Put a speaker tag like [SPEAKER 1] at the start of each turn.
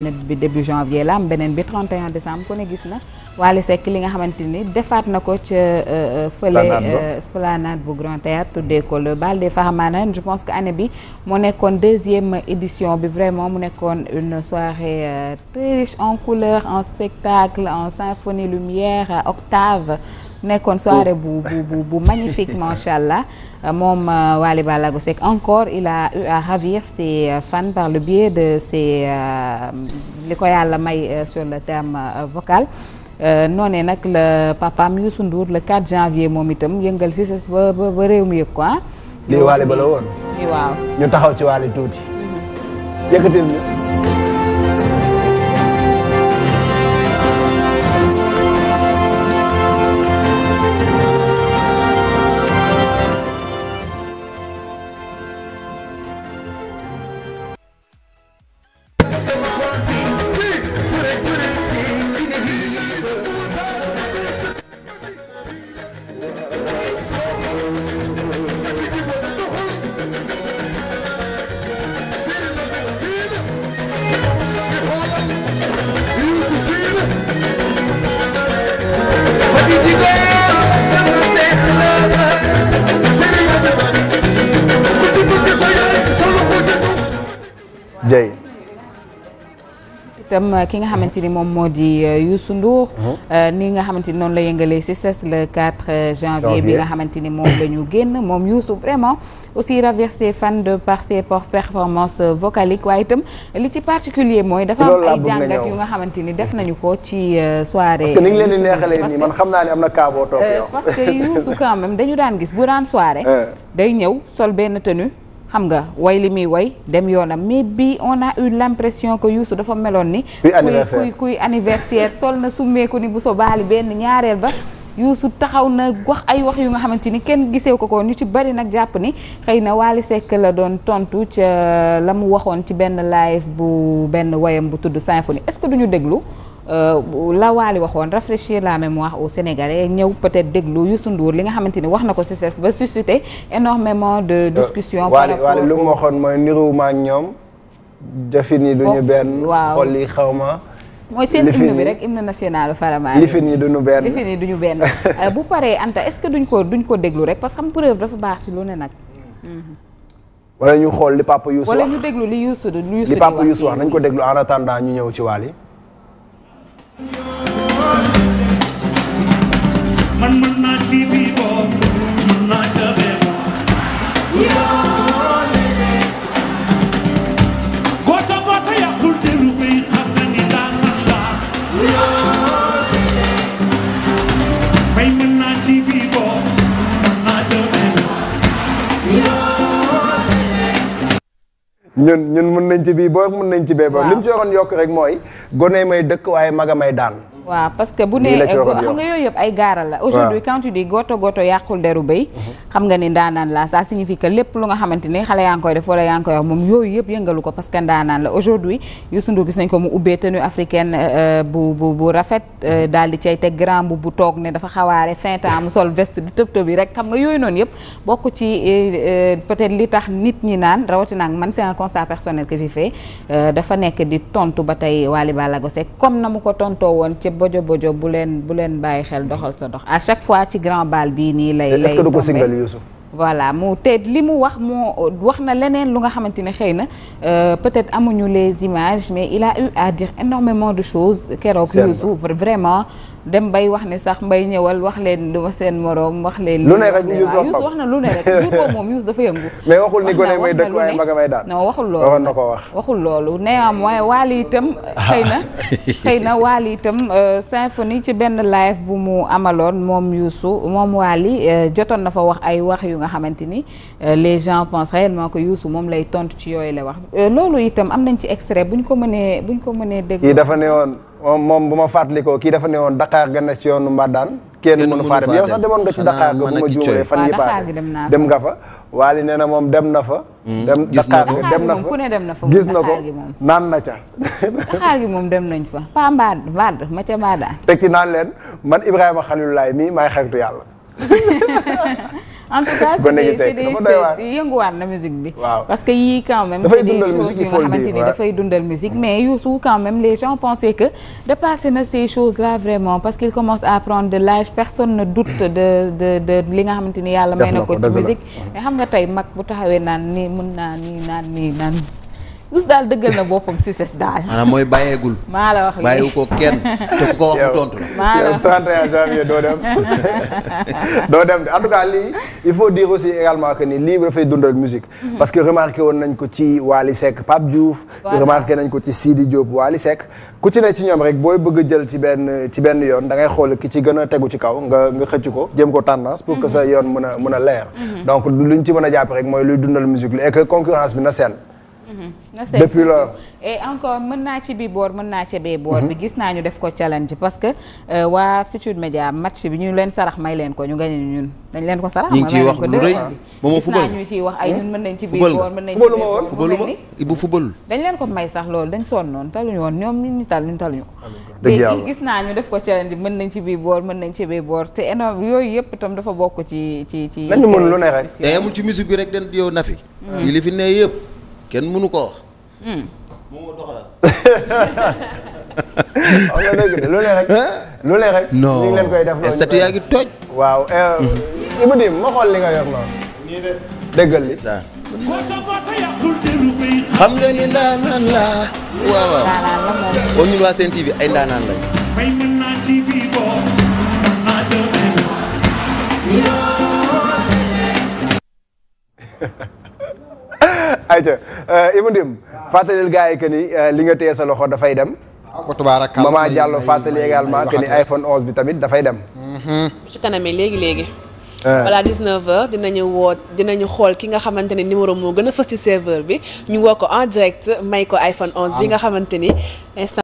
[SPEAKER 1] net bi début janvier la am beneen bi 31 décembre ku ne gis na Wally Seck li nga xamante ni defaat na ko ca euh, euh, fële euh, esplanade bu Grand Théâtre tuddee ko le bal des Fahamanas je pense que année bi mu nekkoon deuxième édition bi vraiment mu nekkoon une soirée très riche en couleurs en spectacle en symphonie lumière octave nekkoon soirée oh. bu bu bu bu macha allah euh, moom euh, Waly Ballago Seck encore il a eu à ravir ses euh, fans par le biais de ses li ko yàlla may sur le terme vocal. noonee nag la papaam Youssou Ndour le 4 janvier moom itam yëngal si sa ba ba ba réew mi yëg quoi. Ah.
[SPEAKER 2] lii Waly woon. waaw ñu taxaw ci Waly tuuti. Mm-hmm. yëkkatil ñu.
[SPEAKER 1] itam euh, ki nga xamante ni moom moo di euh, Youssou Ndour uh-huh. euh, ni nga xamante ni noonu la yëngalee si ses le 4 janvier bi nga xamante ni moom la ñu génn moom Youssou vraiment aussi raversé fan de par ses performances vocaliques waaye itam li ci particulier mooy dafa am ay jàngat yu nga xamante ni def nañu ko ci soirée parce que ni ngi leen di neexalee nii man
[SPEAKER 2] xam naa ne am na kaaboo topp yow parce que Youssou quand
[SPEAKER 1] même dañu daan gis bu daan soirée day ñëw sol benn ten xam nga woy li muy woy dem yoonam mais bi on a eu l'impression que Youssou dafa meloon ni kuy kuy anniversaire sol na summeeku ni bu so baali benn ñaareel ba Youssou taxaw na wax ay wax yu nga xamante ni kenn giseew ko ko ñu ci bari nag jàpp ni xëy na Wally Seck la doon tontu ca la mu waxoon ci benn live bu benn woyam bu tudd symphonie est-ce que duñu déglu Euh, la Waly waxoon rafraîchir la mémoire aux Sénégalais ñëw peut-être déglu Youssou Ndour li nga xamante ni wax na ko ci ses ba suscité énormément de euh, discussion par rapport Waly lu
[SPEAKER 2] mu waxoon mooy niruwuma ak ñoom jëfin yi duñu benn xol yi xaw ma
[SPEAKER 1] mooy seen hymne bi rek hymne national Faramare. lifin yi duñu benn lifin yi duñu benn. Euh, bu paree Anta est-ce que duñ ko duñ ko déglu rek parce que xam preuve dafa baax ci lu ne nag. Mhm.
[SPEAKER 2] wala ñu xool li papa Youssou wax
[SPEAKER 1] li Youssou li Youssou di papa Youssou
[SPEAKER 2] wax nañ ko déglu en attendant ñu ñëw ci Waly. ñun ñun mun nañ ci bii boo mun nañ ci bee ba li ci waroon yokk rek mooy gone may dëkk waaye maga may daan
[SPEAKER 1] waaw parce que bu nee nga ay gaaral la aujourd'hui quand goto goto yàqul deru béy mhm. xam nga ni ndaanaan la ça signifie que lépp lu nga xamante ni xale yaa ngi koy def wala yaa ngi koy wax moom yooyu yëpp yëngalu ko parce que ndaanaan la aujourd'hui Youssou Ndour gis nañ ko mu ubbee tenue africaine euh, euh, bu bu rafet euh, mhm. daal di cay teg grand bu toog ne dafa xawaare fin temps mu sol veste di tëb tëb yi rek xam nga yooyu noonu yëpp bokk ci peut-être li tax nit ñi naan rawatina ak man c'est un constat personnel que j'ai dafa nekk di tontu ba tey Wally Ballago Seck bojo bojo bu leen bu leen bàyyi xel doxal sa dox à chaque fois ci grand bal bii nii lay lay est-ce que du ko singal Youssou voilà mu te li mu wax moo wax na leneen lu nga xamante ne xëy na euh, peut-être amuñu les images mais il a eu à dire énormément de choses keroog Youssou vraiment dem bay wax ne sax mbay ñëwal wax leen duma seen moroom wax leen. lu ne rek Youssou wax Youssou wax na lu ne rek Youssou boobu moom Youssou dafa yëngu.
[SPEAKER 2] mais waxul ni gone may dëkk waaye maga may daal. non
[SPEAKER 1] waxul loolu ko wax. waxul loolu néanmoins Wally itam xëy na xëy na Wally itam euh, symphonie ci benn live bu mu amaloon moom Youssou moom Wally euh, jotoon na fa wax ay wax yu nga xamante ni euh, les gens pensent réellement que moom lay tontu ci yooyu la wax loolu itam am nañ ci extrait bu ñu ko mënee bu ko mënee dégg. dafa
[SPEAKER 2] ne woon. Oh, moom bu ma fàttalikoo kii dafa ne woon Dakar ga ne ci yoonu Mbadaan kenn mënu faa dem yow sax demoon nga ci Dakar ga bu ma juumalee fan yi paase dem nga fa waali nee na moom dem na fa hmm. dem Dakar ga dem na fa gis na ko naan na ca
[SPEAKER 1] moom dem nañ fa pa mbaad mbaad ma ca mbaadaan
[SPEAKER 2] teg ci naan leen man Ibrahima Xalilu mii may xaritu yàlla
[SPEAKER 1] en tout cas c'est yënguwaat na musique bi parce que yii quand même c'est des choses yi nga xamante ni dafay dundal musique mais Youssou quand même les gens pensaient que dépassé na ces choses là vraiment parce qu'il commence à prendre de l'âge personne ne doute de de de li nga xamante ni yàlla may na ko ci musique mais xam nga tey mag bu taxawee naan nii mun naa nii naan nii naan Youssou daal dëggal na boppam si ses daal.
[SPEAKER 2] mooy bàyyeegul.
[SPEAKER 1] maa la wax lii bàyyiwu ko kenn
[SPEAKER 2] te ku ko wax mu tontu la. doo dem doo dem lii il faut dire aussi également que ni lii dafay dundal musique. Mm-hmm. parce que remarqué woon nañ ko ci Wally Seck Pape Diouf. remarqué nañ ko ci di Diop Wally sekk ku ci ne ci ñoom rek booy bëgg jël ci benn ci benn yoon dangay ngay xool ki ci gën a tegu ci kaw nga nga xëcc ko jëm ko tendance pour que mm-hmm. sa yoon mën a mën a leer. Mm-hmm. donc ñu ci mën a jàpp rek mooy luy dundal musique lu et concurrence bi na seen.
[SPEAKER 1] Mhm. depuis lors et encore mën naa ci bi boor mën naa ci bee boor bi gis naa ñu def ko challenge parce que euh, waa Futur Media match bi ñu leen sarax may leen ko ñu gañe ñun dañ leen ko sarax ñu ngi ciy wax lu rëy ba ma fubal ñu ciy wax ay mën nañ ci biir boor mën nañ ci boor fubaluma Ibou fubalul dañ leen ko may sax loolu dañ sonnoon taluñu woon ñoom ñu tal ñu taluñu ko gis naa ñu def ko challenge mën nañ ci biir boor mën nañ ci boor te énorme yooyu yëpp itam dafa bokk ci ci ci nañu mën lu ne rek
[SPEAKER 2] day amul ci musique bi rek den yow na fi mm. fii li yëpp kenn mënu koo wax.
[SPEAKER 1] Hmm. moom
[SPEAKER 2] koy def noonu statut yaa ngi toj. Eh, hmm. xam nga ni la. waaw waaw comme ñun waa Sen TV ay ndaanaan lañ. ayca euh, Ibu Ndim fàttalil gars yi que ni euh, li nga téye sa loxo dafay dem. waaw tubaarakallah maman Diallo fàttali également que ni iPhone 11 bi tamit dafay dem. bu mm-hmm.
[SPEAKER 1] ci kanamee léegi léegi. voilà 19h euh. dinañu dina dinañu xool ki nga xamante ni numéro moo gën a fës ci serveur bi ñu woo ko en direct may ko iPhone 11 bi nga xamante ni instant.